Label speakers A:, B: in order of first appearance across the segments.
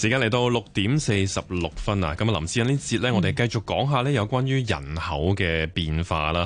A: 時間嚟到六點四十六分啊！咁啊，林先生呢節呢，我哋繼續講下呢有關於人口嘅變化啦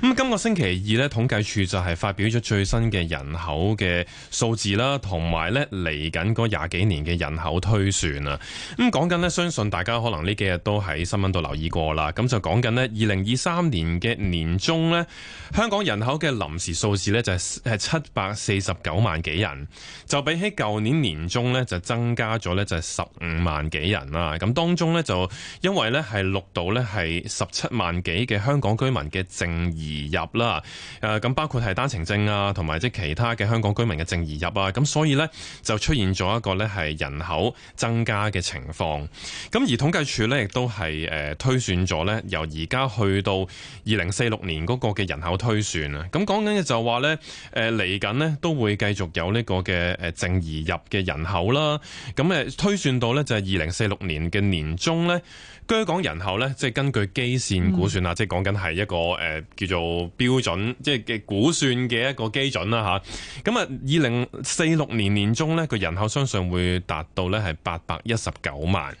A: 吓。咁、嗯、今個星期二呢，統計處就係發表咗最新嘅人口嘅數字啦，同埋呢嚟緊嗰廿幾年嘅人口推算啊。咁講緊呢，相信大家可能呢幾日都喺新聞度留意過啦。咁就講緊呢，二零二三年嘅年中呢，香港人口嘅臨時數字呢，就係係七百四十九萬幾人，就比起舊年年中呢，就增加咗呢。就係。十五萬幾人啦，咁當中呢，就因為呢係錄到呢係十七萬幾嘅香港居民嘅淨移入啦，誒、呃、咁包括係單程證啊，同埋即係其他嘅香港居民嘅淨移入啊，咁所以呢，就出現咗一個呢係人口增加嘅情況，咁而統計處呢，亦都係誒、呃、推算咗呢，由而家去到二零四六年嗰個嘅人口推算啊，咁講緊嘅就話呢，誒嚟緊呢都會繼續有呢個嘅誒淨移入嘅人口啦，咁誒、呃、推。算到咧就係二零四六年嘅年中咧，居港人口咧即係根據基線估算啊、嗯，即係講緊係一個誒叫做標準，即係嘅估算嘅一個基準啦吓。咁啊，二零四六年年中咧，個人口相信會達到咧係八百一十九萬。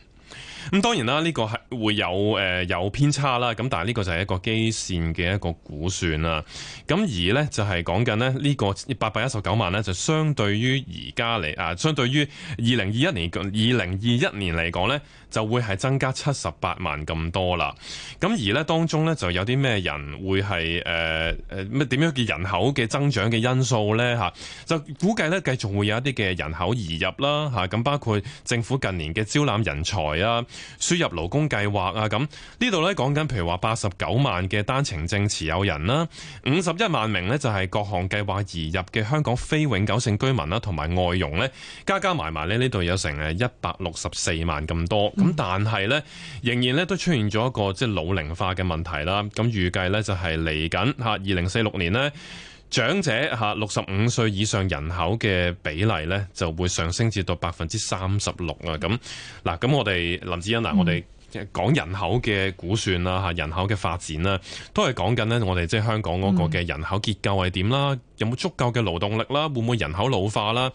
A: 咁當然啦，呢、這個係會有誒、呃、有偏差啦。咁但係呢個就係一個基線嘅一個估算啦。咁而呢，就係講緊呢呢、這個八百一十九萬呢，就相對於而家嚟啊，相對於二零二一年，二零二一年嚟講呢，就會係增加七十八萬咁多啦。咁而呢，當中呢，就有啲咩人會係誒誒咩點樣嘅人口嘅增長嘅因素呢？就估計呢，繼續會有一啲嘅人口移入啦嚇。咁、啊、包括政府近年嘅招攬人才啊。輸入勞工計劃啊，咁呢度咧，講緊，譬如話八十九萬嘅單程證持有人啦，五十一萬名呢就係各項計劃移入嘅香港非永久性居民啦，同埋外傭呢。加加埋埋呢，呢度有成誒一百六十四萬咁多，咁但係呢，仍然呢都出現咗一個即係老齡化嘅問題啦，咁預計呢就係嚟緊吓二零四六年呢。長者吓六十五歲以上人口嘅比例咧，就會上升至到百分之三十六啊！咁嗱，咁我哋林子欣啊、嗯，我哋講人口嘅估算啦，吓人口嘅發展啦，都係講緊咧，我哋即係香港嗰個嘅人口結構係點啦。嗯有冇足夠嘅勞動力啦？會唔會人口老化啦？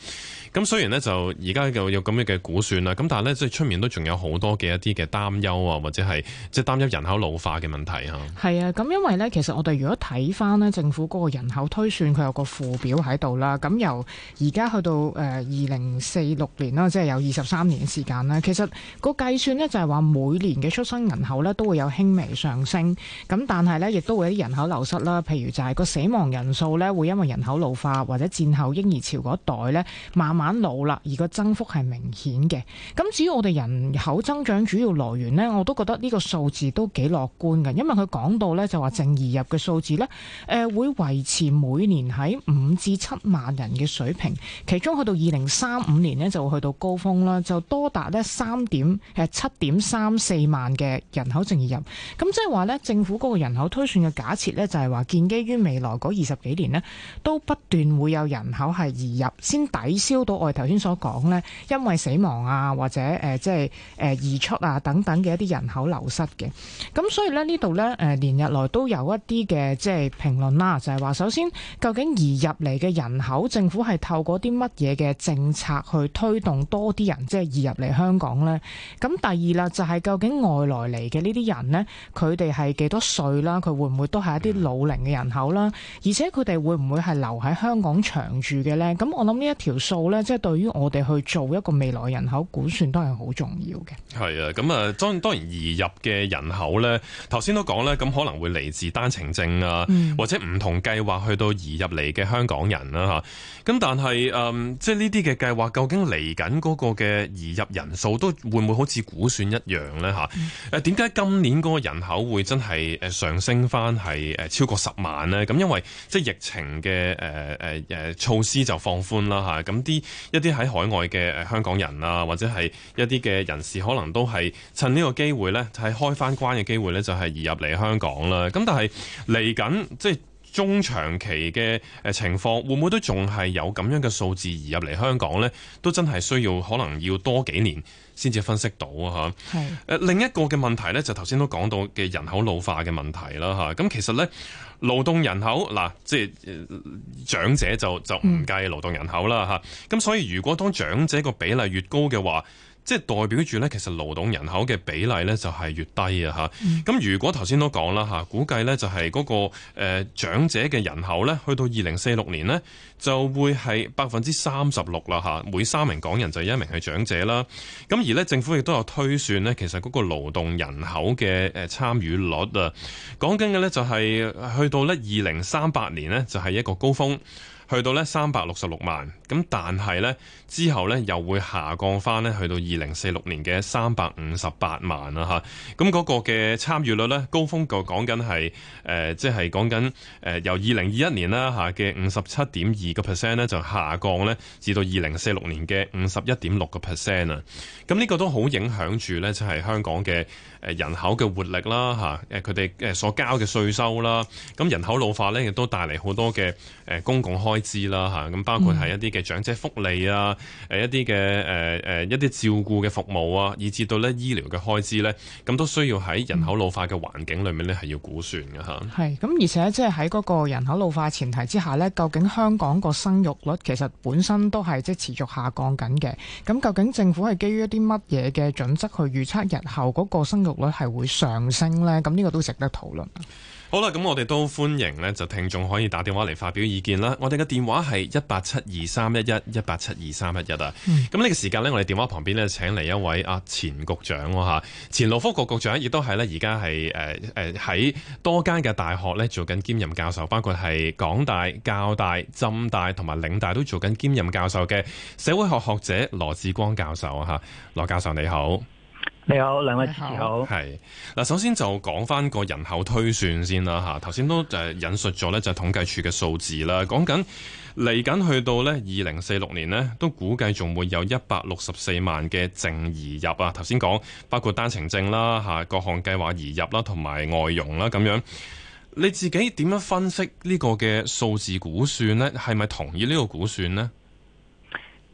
A: 咁雖然呢，就而家就有咁樣嘅估算啦，咁但係呢，即係出面都仲有好多嘅一啲嘅擔憂啊，或者係即係擔憂人口老化嘅問題嚇。
B: 係啊，咁因為呢，其實我哋如果睇翻呢政府嗰個人口推算，佢有個附表喺度啦。咁由而家去到誒二零四六年啦，即係有二十三年嘅時間啦。其實個計算呢，就係話每年嘅出生人口呢，都會有輕微上升，咁但係呢，亦都會有啲人口流失啦。譬如就係個死亡人數呢，會因為人人口老化或者戰後嬰兒潮嗰代咧，慢慢老啦，而個增幅係明顯嘅。咁至於我哋人口增長主要來源呢，我都覺得呢個數字都幾樂觀嘅，因為佢講到咧，就話淨移入嘅數字咧，誒會維持每年喺五至七萬人嘅水平，其中去到二零三五年呢，就會去到高峰啦，就多達咧三點誒七點三四萬嘅人口淨移入。咁即係話咧，政府嗰個人口推算嘅假設咧，就係話建基於未來嗰二十幾年呢。都不斷會有人口係移入，先抵消到我哋頭先所講呢，因為死亡啊，或者誒即係移出啊等等嘅一啲人口流失嘅。咁所以咧呢度呢誒、呃、連日來都有一啲嘅即係評論啦，就係話首先究竟移入嚟嘅人口，政府係透過啲乜嘢嘅政策去推動多啲人即係移入嚟香港呢？咁第二啦，就係究竟外來嚟嘅呢啲人呢，佢哋係幾多歲啦？佢會唔會都係一啲老齡嘅人口啦？而且佢哋會唔會，係留喺香港長住嘅咧，咁我諗呢一條數咧，即係對於我哋去做一個未來人口估算都係好重要嘅。
A: 係啊，咁啊，當然當然移入嘅人口咧，頭先都講啦，咁可能會嚟自單程證啊，或者唔同計劃去到移入嚟嘅香港人啦，嚇、嗯。咁但係誒，即係呢啲嘅計劃，究竟嚟緊嗰個嘅移入人數都會唔會好似估算一樣咧，嗯，誒點解今年嗰個人口會真係誒上升翻係誒超過十萬咧？咁因為即係疫情嘅。嘅措施就放寬啦吓，咁啲一啲喺海外嘅香港人啊，或者係一啲嘅人士，可能都係趁呢個機會咧，就係開翻關嘅機會咧，就係移入嚟香港啦。咁但係嚟緊即係中長期嘅情況，會唔會都仲係有咁樣嘅數字移入嚟香港咧？都真係需要可能要多幾年先至分析到啊吓，另一個嘅問題咧，就頭先都講到嘅人口老化嘅問題啦吓，咁其實咧。勞動人口嗱，即係長者就就唔計勞動人口啦嚇，咁、嗯、所以如果當長者個比例越高嘅話，即係代表住咧，其實勞動人口嘅比例咧就係越低啊！咁、嗯、如果頭先都講啦嚇，估計咧就係嗰個誒長者嘅人口咧，去到二零四六年咧就會係百分之三十六啦嚇，每三名港人就一名係長者啦。咁而咧政府亦都有推算咧，其實嗰個勞動人口嘅誒參與率啊，講緊嘅咧就係去到咧二零三八年咧就係一個高峰。去到咧三百六十六萬，咁但係咧之後咧又會下降翻咧，去到二零四六年嘅三百五十八萬啦吓。咁嗰個嘅參與率咧，高峰、呃、就講緊係即係講緊由二零二一年啦吓嘅五十七點二個 percent 咧，就下降咧至到二零四六年嘅五十一點六個 percent 啊。咁呢個都好影響住咧，就係香港嘅人口嘅活力啦吓，佢哋所交嘅稅收啦，咁人口老化咧亦都帶嚟好多嘅公共開開支啦吓，咁包括係一啲嘅長者福利啊，誒、嗯、一啲嘅誒誒一啲照顧嘅服務啊，以至到咧醫療嘅開支咧，咁都需要喺人口老化嘅環境裏面咧係要估算嘅吓。
B: 係，咁而且即係喺嗰個人口老化前提之下咧，究竟香港個生育率其實本身都係即係持續下降緊嘅，咁究竟政府係基於一啲乜嘢嘅準則去預測日後嗰個生育率係會上升咧？咁呢個都值得討論。
A: 好啦，咁我哋都歡迎咧，就聽眾可以打電話嚟，發表意見啦。我哋嘅電話係一八七二三一一一八七二三一一啊。咁、嗯、呢個時間呢，我哋電話旁邊呢，請嚟一位啊，前局長喎。吓、啊，前勞福局局長，亦都係呢。而、呃呃、家係誒誒喺多間嘅大學呢，做緊兼任教授，包括係港大、教大、浸大同埋嶺大都做緊兼任教授嘅社會學學者羅致光教授啊吓，羅教授你好。你
C: 好，兩位
A: 主持好。係嗱，首先就講翻個人口推算先啦，吓，頭先都就係引述咗呢，就係統計處嘅數字啦，講緊嚟緊去到呢，二零四六年呢，都估計仲會有一百六十四萬嘅淨移入啊。頭先講包括單程證啦，吓，各項計劃移入啦，同埋外傭啦咁樣。你自己點樣分析呢個嘅數字估算呢？係咪同意呢個估算呢？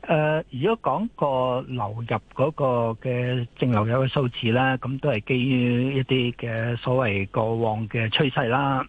C: 誒、呃，如果講個流入嗰個嘅淨流入嘅數字咧，咁都係基於一啲嘅所謂過往嘅趨勢啦。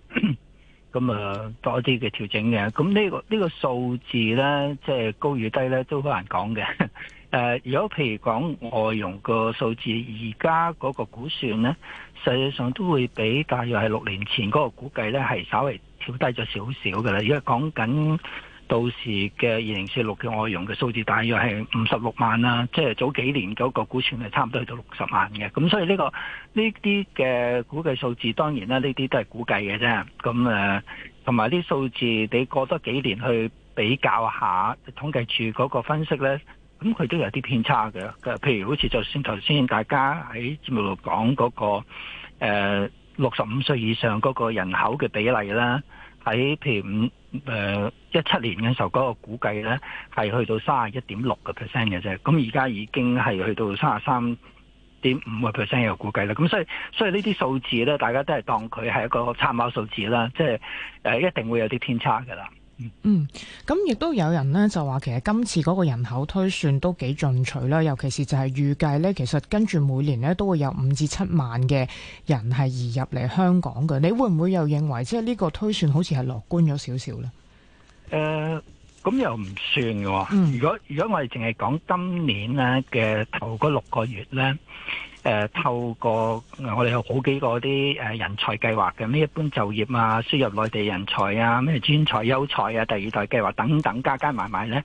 C: 咁誒多啲嘅調整嘅，咁、這個這個、呢個、就是、呢個數字咧，即係高與低咧都好難講嘅。誒、呃，如果譬如講外傭個數字，而家嗰個估算咧，實際上都會比大約係六年前嗰個估計咧係稍微調低咗少少嘅啦。而家講緊。到時嘅二零四六嘅外傭嘅數字大約係五十六萬啦，即、就、係、是、早幾年嗰個估算係差唔多去到六十萬嘅，咁所以呢、這個呢啲嘅估計數字當然啦，呢啲都係估計嘅啫。咁誒，同埋啲數字你過多幾年去比較下統計處嗰個分析呢，咁佢都有啲偏差嘅。譬如好似就算頭先大家喺節目度講嗰、那個六十五歲以上嗰個人口嘅比例啦。喺譬如五誒一七年嘅時候，嗰個估計咧係去到三十一點六個 percent 嘅啫。咁而家已經係去到三十三點五個 percent 嘅估計啦。咁所以所以呢啲數字咧，大家都係當佢係一個參考數字啦。即係誒，一定會有啲偏差㗎啦。
B: 嗯，咁亦都有人呢就話，其實今次嗰個人口推算都幾進取啦，尤其是就係預計呢，其實跟住每年呢都會有五至七萬嘅人係移入嚟香港嘅。你會唔會又認為，即係呢個推算好似係樂觀咗少少呢？誒、
C: 呃，咁又唔算嘅、哦。如果如果我哋淨係講今年呢嘅頭嗰六個月呢。誒，透過我哋有好幾個啲誒人才計劃嘅，咩一般就業啊，輸入內地人才啊，咩專才、優才啊，第二代計劃等等加加埋埋呢，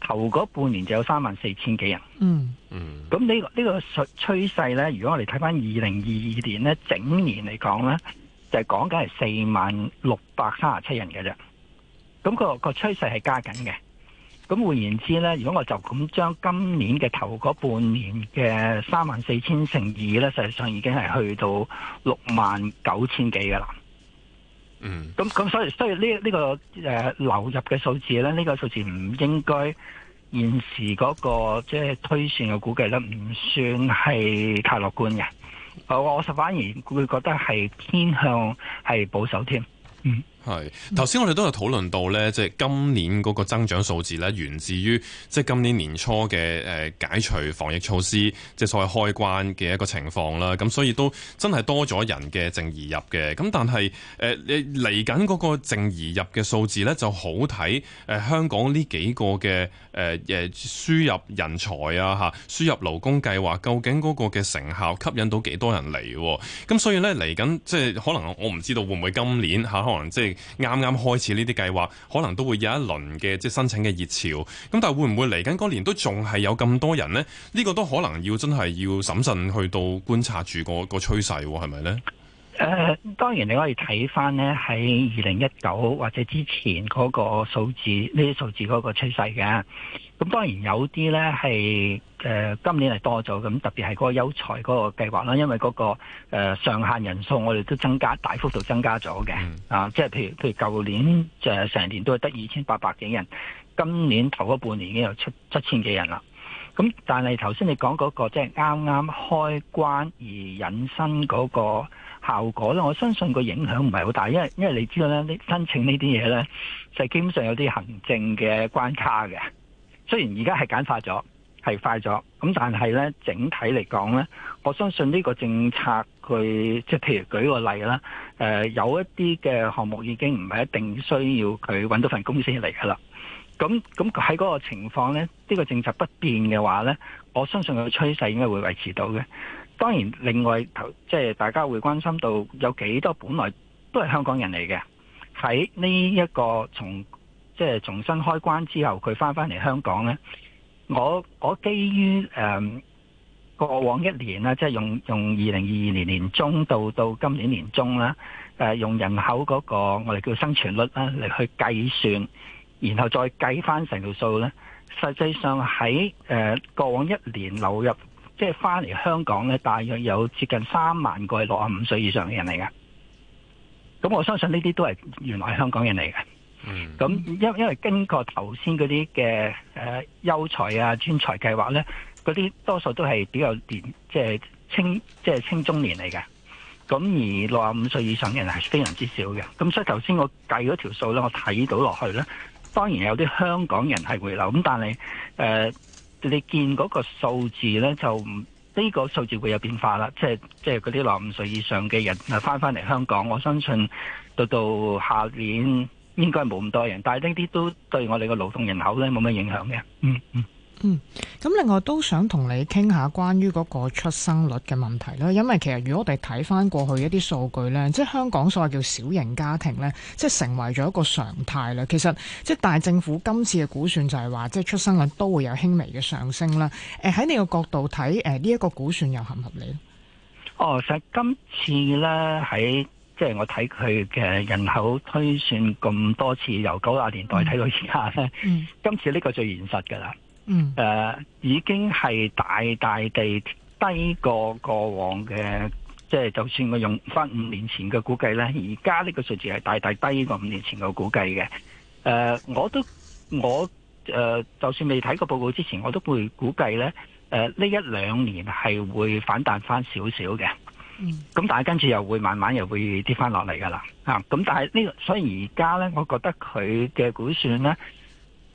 C: 頭嗰半年就有三萬四千幾人。嗯嗯，咁呢個呢個趨勢呢，如果我哋睇返二零二二年呢，整年嚟講呢，就係講緊係四萬六百三十七人嘅啫。咁個個趨勢係加緊嘅。咁換言之咧，如果我就咁將今年嘅頭嗰半年嘅三萬四千乘二咧，實際上已經係去到六萬九千幾嘅啦。嗯，咁咁所以所以呢、呢、呢、個呢個誒流入嘅數字咧，呢、呢個數字唔應該現時嗰、嗰個即係、即係、推算嘅估計咧，唔算係太樂觀嘅。我我實反而會覺得係偏向係保守添。嗯。係，
A: 頭先我哋都有討論到呢即係今年嗰個增長數字呢源自於即係今年年初嘅解除防疫措施，即係所謂開關嘅一個情況啦。咁所以都真係多咗人嘅淨移入嘅。咁但係嚟緊嗰個淨移入嘅數字呢，就好睇香港呢幾個嘅誒輸入人才啊，嚇輸入勞工計劃究竟嗰個嘅成效吸引到幾多人嚟？咁所以呢，嚟緊即係可能我唔知道會唔會今年嚇可能即係。啱啱開始呢啲計劃，可能都會有一輪嘅即係申請嘅熱潮。咁但係會唔會嚟緊嗰年都仲係有咁多人呢？呢、呢個都可能真要真係要審慎去到觀察住個個趨勢係咪呢？
C: 誒、呃，當然你可以睇翻，咧喺二零一九或者之前嗰個數字，呢啲數字嗰個趨勢嘅。咁當然有啲咧係誒，今年係多咗，咁特別係嗰個優才嗰個計劃啦，因為嗰、嗰個誒、呃、上限人數我哋都增加，大幅度增加咗嘅。啊，即係譬如譬如舊年就成、呃、年都係得二千八百幾人，今年頭嗰半年已經有七七千幾人啦。咁、嗯，但係頭先你講嗰、那個即係啱啱開關而引申嗰個效果咧，我相信個影響唔係好大，因為因為你知道咧，申請呢啲嘢咧就係、是、基本上有啲行政嘅關卡嘅。雖然而家係簡化咗，係快咗，咁、嗯、但係咧整體嚟講咧，我相信呢個政策佢即係譬如舉個例啦、呃，有一啲嘅項目已經唔係一定需要佢搵到份公司嚟㗎啦。咁咁喺嗰個情況呢，呢個政策不變嘅話呢，我相信佢趨勢應該會維持到嘅。當然，另外頭即係大家會關心到有幾多本來都係香港人嚟嘅，喺呢一個從即係重新開關之後，佢翻返嚟香港呢，我我基於誒過往一年啦，即係用用二零二二年年中到到今年年中啦，誒用人口嗰個我哋叫生存率啦嚟去計算。然後再計翻成條數呢，實際上喺誒過往一年流入即係翻嚟香港呢，大約有接近三萬個係六十五歲以上嘅人嚟㗎。咁我相信呢啲都係原來係香港人嚟嘅。咁、嗯、因因為經過頭先嗰啲嘅誒優才啊專才計劃呢，嗰啲多數都係比較年即係青即係青中年嚟嘅。咁而六十五歲以上嘅人係非常之少嘅。咁所以頭先我計嗰條數呢，我睇到落去呢。當然有啲香港人係回流，咁但係誒、呃，你見嗰個數字呢，就呢、呢個數字會有變化啦。即係即係嗰啲六五歲以上嘅人啊，返返嚟香港，我相信到到下年應該冇咁多人，但係呢啲都對我哋個勞動人口呢，冇咩影響嘅。嗯嗯。
B: 嗯，咁另外都想同你傾下關於嗰個出生率嘅問題啦。因為其實如果我哋睇翻過去一啲數據呢，即係香港所謂叫小型家庭呢，即係成為咗一個常態啦。其實即係大政府今次嘅估算就係話，即係出生率都會有輕微嘅上升啦。誒、呃，喺你個角度睇，誒呢一個估算又合唔合理？哦，
C: 其實今次呢，喺即係我睇佢嘅人口推算咁多次，由九十年代睇到而家呢，今次呢個最現實噶啦。嗯，誒、uh,，已經係大大地低過過往嘅，即、就、係、是、就算我用翻五年前嘅估計咧，而家呢個數字係大大低過五年前嘅估計嘅。誒、uh,，我都我誒，uh, 就算未睇過報告之前，我都會估計咧，誒、呃，呢一兩年係會反彈翻少少嘅。嗯，咁但係跟住又會慢慢又會跌翻落嚟噶啦，咁、uh, 但係呢、這個，所以而家咧，我覺得佢嘅估算咧。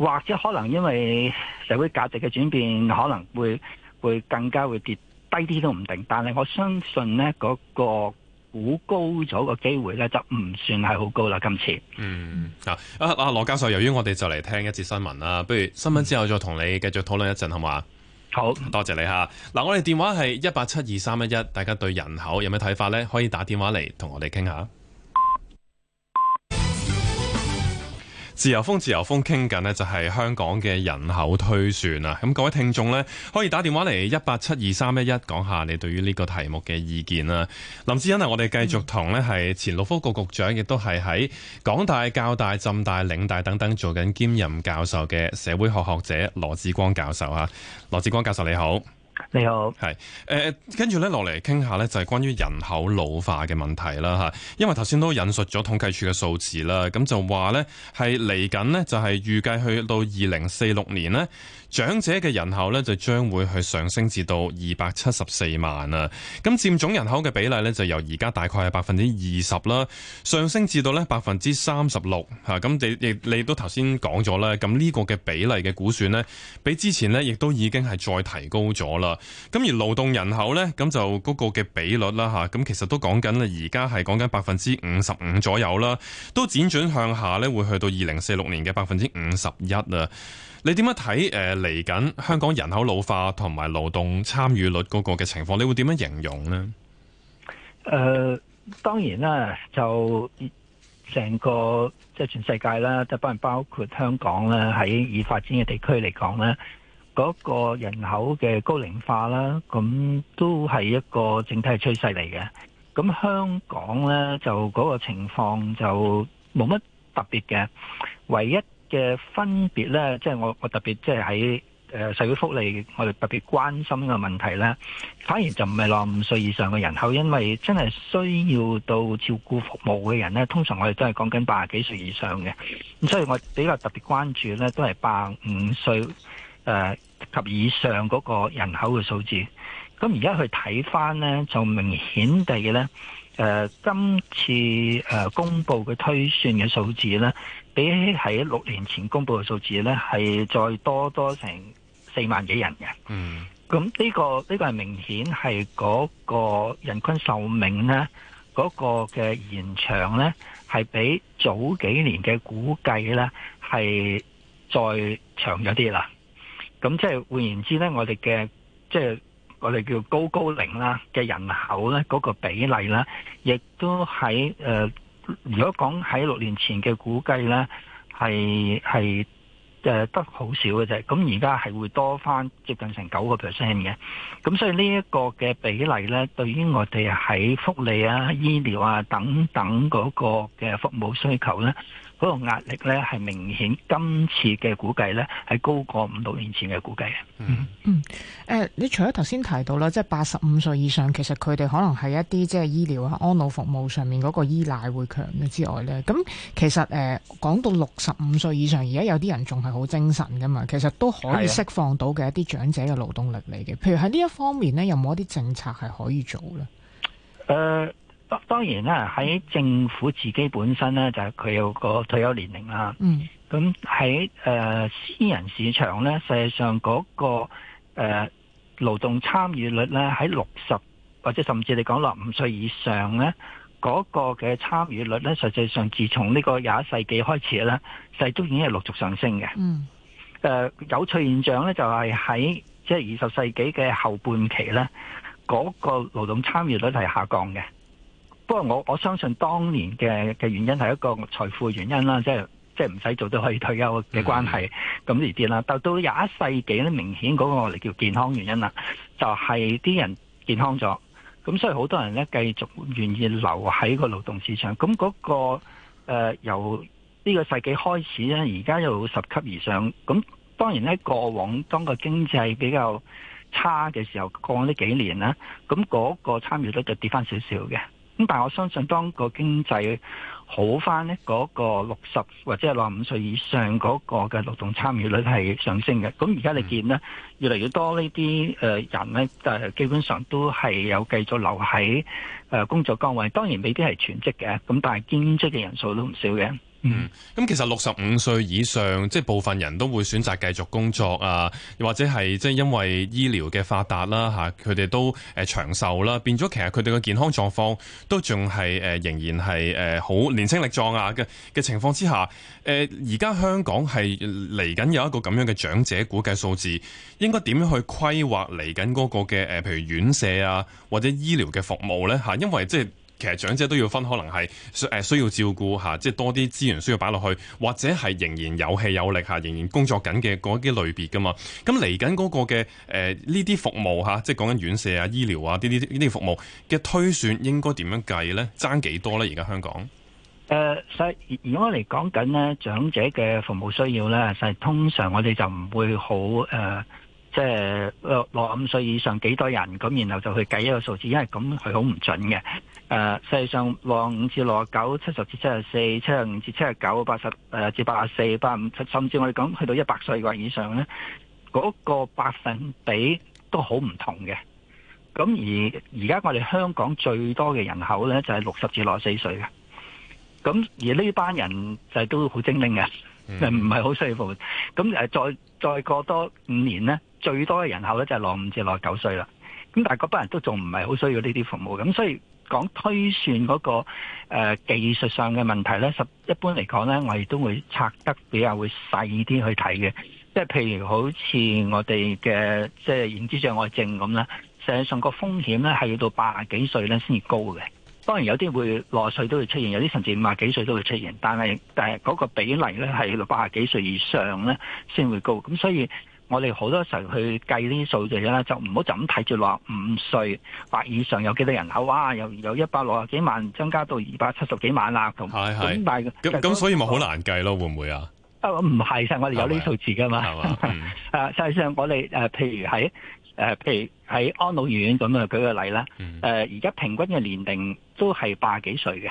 C: 或者可能因為社會價值嘅轉變，可能會會更加會跌低啲都唔定。但係我相信呢嗰個估高咗個機會呢，就唔算係好高啦。今次嗯
A: 啊啊羅教授，由於我哋就嚟聽一節新聞啦，不如新聞之後再同你繼續討論一陣，好嘛？好多謝你嚇。嗱、啊，我哋電話係一八七二三一一，大家對人口有咩睇法呢？可以打電話嚟同我哋傾下。自由風，自由風，傾緊呢就係香港嘅人口推算啊！咁各位聽眾呢，可以打電話嚟一八七二三一一，講下你對於呢個題目嘅意見啊。林志恩啊，我哋繼續同呢係前六福局局長，亦都係喺港大、教大、浸大、嶺大等等做緊兼任教授嘅社會學學者羅致光教授啊。羅致光教授你好。你好，係誒，跟住咧落嚟傾下咧，就係、是、關於人口老化嘅問題啦吓。因為頭先都引述咗統計處嘅數字啦，咁就話咧係嚟緊咧就係預計去到二零四六年咧，長者嘅人口咧就將會去上升至到二百七十四萬啊。咁佔總人口嘅比例咧就由而家大概係百分之二十啦，上升至到咧百分之三十六吓。咁、啊、你亦你都頭先講咗啦，咁呢個嘅比例嘅估算咧，比之前咧亦都已經係再提高咗啦。咁而勞動人口呢，咁就嗰個嘅比率啦，吓咁其實都講緊而家係講緊百分之五十五左右啦，都輾轉向下呢，會去到二零四六年嘅百分之五十一啊。你點樣睇？誒，嚟緊香港人口老化同埋勞動參與率嗰個嘅情況，你會點樣形容呢？誒、
C: 呃，當然啦，就成個即係、就是、全世界啦，特別包括香港啦，喺已發展嘅地區嚟講呢。嗰個人口嘅高齡化啦，咁都係一個整體趨勢嚟嘅。咁香港咧就嗰個情況就冇乜特別嘅，唯一嘅分別咧，即係我我特別即係喺誒社會福利，我哋特別關心嘅問題咧，反而就唔係六五歲以上嘅人口，因為真係需要到照顧服務嘅人咧，通常我哋真係講緊八十幾歲以上嘅，咁所以我比較特別關注咧，都係八五歲。誒、呃、及以上嗰個人口嘅數字，咁而家去睇翻呢，就明顯地呢誒、呃、今次誒公佈嘅推算嘅數字呢，比起喺六年前公佈嘅數字呢，係再多多成四萬幾人嘅。嗯，咁呢、呢個呢、呢個係明顯係嗰個人均壽命呢，嗰、嗰個嘅延長呢，係比早幾年嘅估計呢，係再長咗啲啦。咁即係換言之咧，我哋嘅即係我哋叫高高齡啦嘅人口咧，嗰、嗰個比例啦，亦都喺誒、呃，如果講喺六年前嘅估計咧，係係誒得好少嘅啫。咁而家係會多翻接近成九個 percent 嘅。咁所以呢一個嘅比例咧，對於我哋喺福利啊、醫療啊等等嗰個嘅服務需求咧。嗰個壓力咧係明顯，今次嘅估計咧係高過五六年前嘅估計
B: 嘅。嗯嗯，誒、呃，你除咗頭先提到啦，即係八十五歲以上，其實佢哋可能係一啲即係醫療啊、安老服務上面嗰個依賴會強嘅之外咧，咁其實誒、呃、講到六十五歲以上，而家有啲人仲係好精神㗎嘛，其實都可以釋放到嘅一啲長者嘅勞動力嚟嘅。譬如喺呢一方面咧，有冇一啲政策係可以做咧？
C: 誒、呃。當然啦，喺政府自己本身咧，就係、是、佢有個退休年齡啦。
B: 嗯。
C: 咁喺誒私人市場咧，實際上嗰、那個誒、呃、勞動參與率咧，喺六十或者甚至你講六十五歲以上咧，嗰、那個嘅參與率咧，實際上自從呢個廿一世紀開始咧，就都已經係陸續上升嘅。嗯。誒、呃、有趣現象咧，就係喺即係二十世紀嘅後半期咧，嗰、那個勞動參與率係下降嘅。不過我我相信當年嘅嘅原因係一個財富嘅原因啦，即係即係唔使做都可以退休嘅關係，咁呢啲啦。但到廿一世紀咧，明顯嗰個嚟叫健康原因啦，就係、是、啲人健康咗，咁所以好多人咧，繼續願意留喺個勞動市場。咁嗰、那個、呃、由呢個世紀開始咧，而家又十級以上。咁當然咧，過往當個經濟比較差嘅時候，過往呢幾年啦，咁嗰個參與率就跌翻少少嘅。咁但係我相信，當個經濟好翻呢，嗰個六十或者係六十五歲以上嗰個嘅勞動參與率係上升嘅。咁而家你見呢，越嚟越多呢啲誒人呢，基本上都係有繼續留喺誒工作崗位。當然，未必係全職嘅，咁但係兼職嘅人數都唔少嘅。
A: 嗯，咁其實六十五歲以上，即係部分人都會選擇繼續工作啊，又或者係即係因為醫療嘅發達啦吓，佢哋都誒長壽啦，變咗其實佢哋嘅健康狀況都仲係誒仍然係誒好年輕力壯啊嘅嘅情況之下，誒而家香港係嚟緊有一個咁樣嘅長者估計數字，應該點樣去規劃嚟緊嗰個嘅誒譬如院舍啊或者醫療嘅服務咧吓，因為即係。其實長者都要分，可能係誒需要照顧嚇，即係多啲資源需要擺落去，或者係仍然有氣有力嚇，仍然工作緊嘅嗰啲類別噶嘛。咁嚟緊嗰個嘅誒呢啲服務嚇、啊，即係講緊院舍啊、醫療啊啲啲呢啲服務嘅推算應該點樣計咧？爭幾多咧？而家香港
C: 誒，實、呃、如果我嚟講緊咧長者嘅服務需要咧，實通常我哋就唔會好誒、呃，即係六五歲以上幾多人咁，然後就去計一個數字，因為咁佢好唔準嘅。誒，世界上六五至六啊九、七十至七十四、七十五至七十九、八十至八十四、八啊五，甚至我哋講去到一百歲嘅人以上咧，嗰、嗰個百分比都好唔同嘅。咁而而家我哋香港最多嘅人口咧就係六十至六啊四歲嘅。咁而呢班人就都好精靈嘅，唔係好需要服務。咁誒，再再過多五年咧，最多嘅人口咧就係六五至六啊九歲啦。咁但係嗰班人都仲唔係好需要呢啲服務，咁所以。講推算嗰個、呃、技術上嘅問題咧，實一般嚟講咧，我哋都會拆得比較會細啲去睇嘅。即係譬如好似我哋嘅即係認知障礙症咁啦，實際上個風險咧係要到八十幾歲咧先至高嘅。當然有啲會六十歲都會出現，有啲甚至五十幾歲都會出現，但係但係嗰個比例咧係到八十幾歲以上咧先會高。咁所以。我哋好多時候去計呢啲數字咧，就唔好就咁睇住話五歲或以上有幾多人口，哇！又有一百六十幾萬增加到二百七十幾萬啦，同咁大咁
A: 咁，所以咪好難計咯，會唔會啊？
C: 啊唔係，實我哋有呢啲數字噶嘛？係嘛？誒，實際上我哋、誒、呃，譬如喺、呃、譬如喺安老院咁啊，舉個例啦。誒、嗯、而、呃、家平均嘅年齡都係八幾幾歲嘅。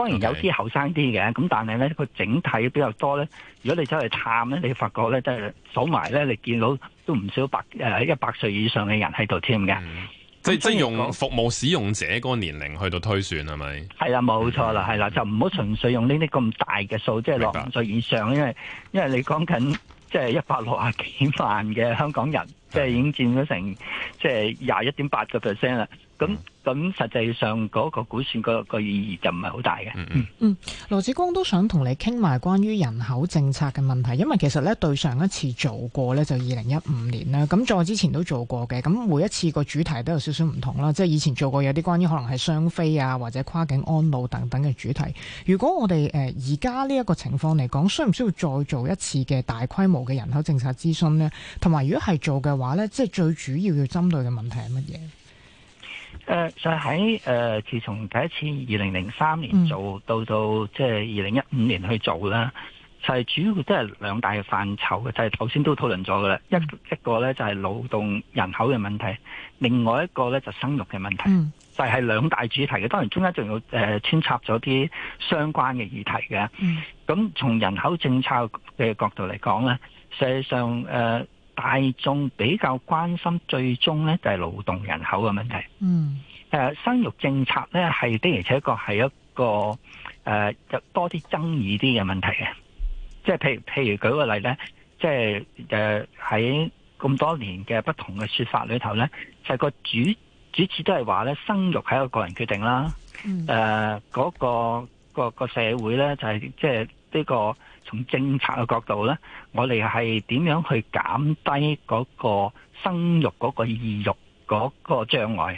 C: Okay. 當然有啲後生啲嘅，咁但係咧，佢整體比較多咧。如果你走去探咧，你發覺咧，真係數埋咧，你見到都唔少百誒一百歲以上嘅人喺度添嘅。
A: 即即用服務使用者嗰個年齡去到推算係咪？
C: 係啦，冇、啊、錯啦，係、嗯、啦、啊，就唔好純粹用呢啲咁大嘅數，即係六十五歲以上，因為因為你講緊即係一百六啊幾萬嘅香港人，即係已經佔咗成即係廿一點八個 percent 啦。咁咁，實際上嗰個估算個、嗰個意義就唔係好大嘅。嗯嗯
B: 嗯，羅致光都想同你傾埋關於人口政策嘅問題，因為其實咧對上一次做過咧就二零一五年啦，咁再之前都做過嘅。咁每一次個主題都有少少唔同啦，即係以前做過有啲關於可能係雙非啊或者跨境安老等等嘅主題，如果我哋誒而家呢一個情況嚟講需唔需要再做一次嘅大規模嘅人口政策諮詢咧？同埋，如果係做嘅話咧，即係最主要要針對嘅問題係乜嘢？
C: 誒、呃，就喺、是、誒、呃，自從第一次二零零三年做到到即係二零一五年去做啦、嗯，就係、是、主要都係兩大嘅範疇嘅，就係頭先都討論咗嘅啦。一一個咧就係勞動人口嘅問題，另外一個咧就是生育嘅問題，就、嗯、係兩大主題嘅。當然中間仲要誒、呃、穿插咗啲相關嘅議題嘅。咁、嗯、從人口政策嘅角度嚟講咧，實際上誒。呃大眾比較關心最終咧就係、是、勞動人口嘅問題。嗯，誒、呃，生育政策咧係的而且確係一個誒、呃、多啲爭議啲嘅問題嘅。即、就、係、是、譬如譬如舉個例咧，即係誒喺咁多年嘅不同嘅說法裏頭咧，就是、個主主持都係話咧，生育係一個個人決定啦。嗯、呃。誒、那個，嗰個個個社會咧就係即係呢個。從政策嘅角度呢，我哋係點樣去減低嗰個生育嗰個意欲嗰個障礙，而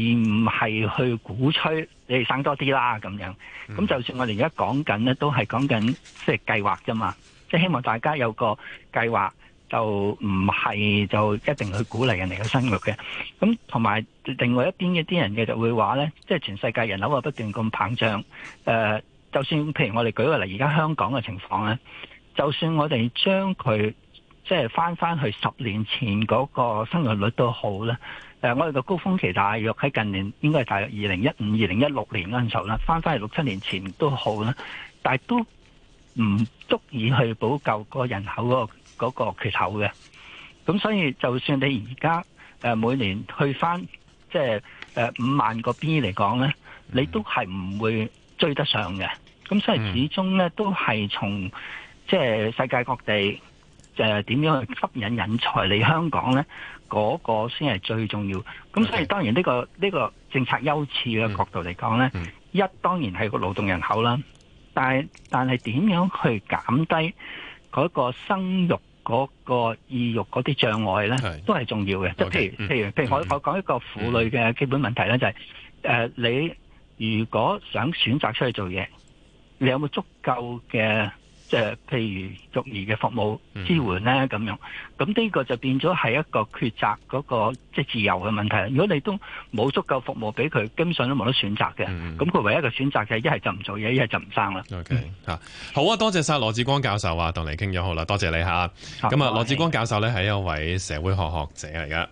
C: 唔係去鼓吹你哋生多啲啦咁樣。咁就算我哋而家講緊呢，都係講緊即係計劃啫嘛，即係希望大家有個計劃，就唔係就一定去鼓勵人哋去生育嘅。咁同埋另外一邊一啲人嘅就會話呢，即係全世界人口啊不斷咁膨脹，誒。就算譬如我哋舉個例，而家香港嘅情況咧，就算我哋將佢即係翻翻去十年前嗰個生育率都好啦，呃，我哋個高峰期大約喺近年應該係大約二零一五、二零一六年嗰陣時候啦，翻翻去六七年前都好啦，但係都唔足以去補救個人口嗰個嗰個缺口嘅。咁所以，就算你而家、呃、每年去翻即係誒五萬個 B 嚟講咧，你都係唔會追得上嘅。咁所以始終咧都係從即係世界各地誒點樣去吸引人才嚟香港咧，嗰、那個先係最重要。咁所以當然呢、這個呢、這個政策優次嘅角度嚟講咧，一當然係個勞動人口啦。但係但係點樣去減低嗰個生育嗰個意欲嗰啲障礙咧，都係重要嘅。Okay. 即係、okay. 譬如譬如、嗯、譬如我、嗯、我講一個婦女嘅基本問題咧、嗯，就係、是、誒、呃、你如果想選擇出去做嘢。你有冇足夠嘅即係譬如育兒嘅服務支援咧咁、嗯、樣？咁呢個就變咗係一個抉擇嗰、那個即係、就是、自由嘅問題。如果你都冇足夠服務俾佢，根本上都冇得選擇嘅。咁、嗯、佢唯一嘅選擇是不就係一係就唔做嘢，一係就唔生啦。OK 嚇、嗯啊，好啊！多謝晒羅致光教授啊，同你傾咗
A: 好
B: 啦，多謝你嚇。咁啊，嗯、那羅致光教授咧係一位社會學學者嚟㗎。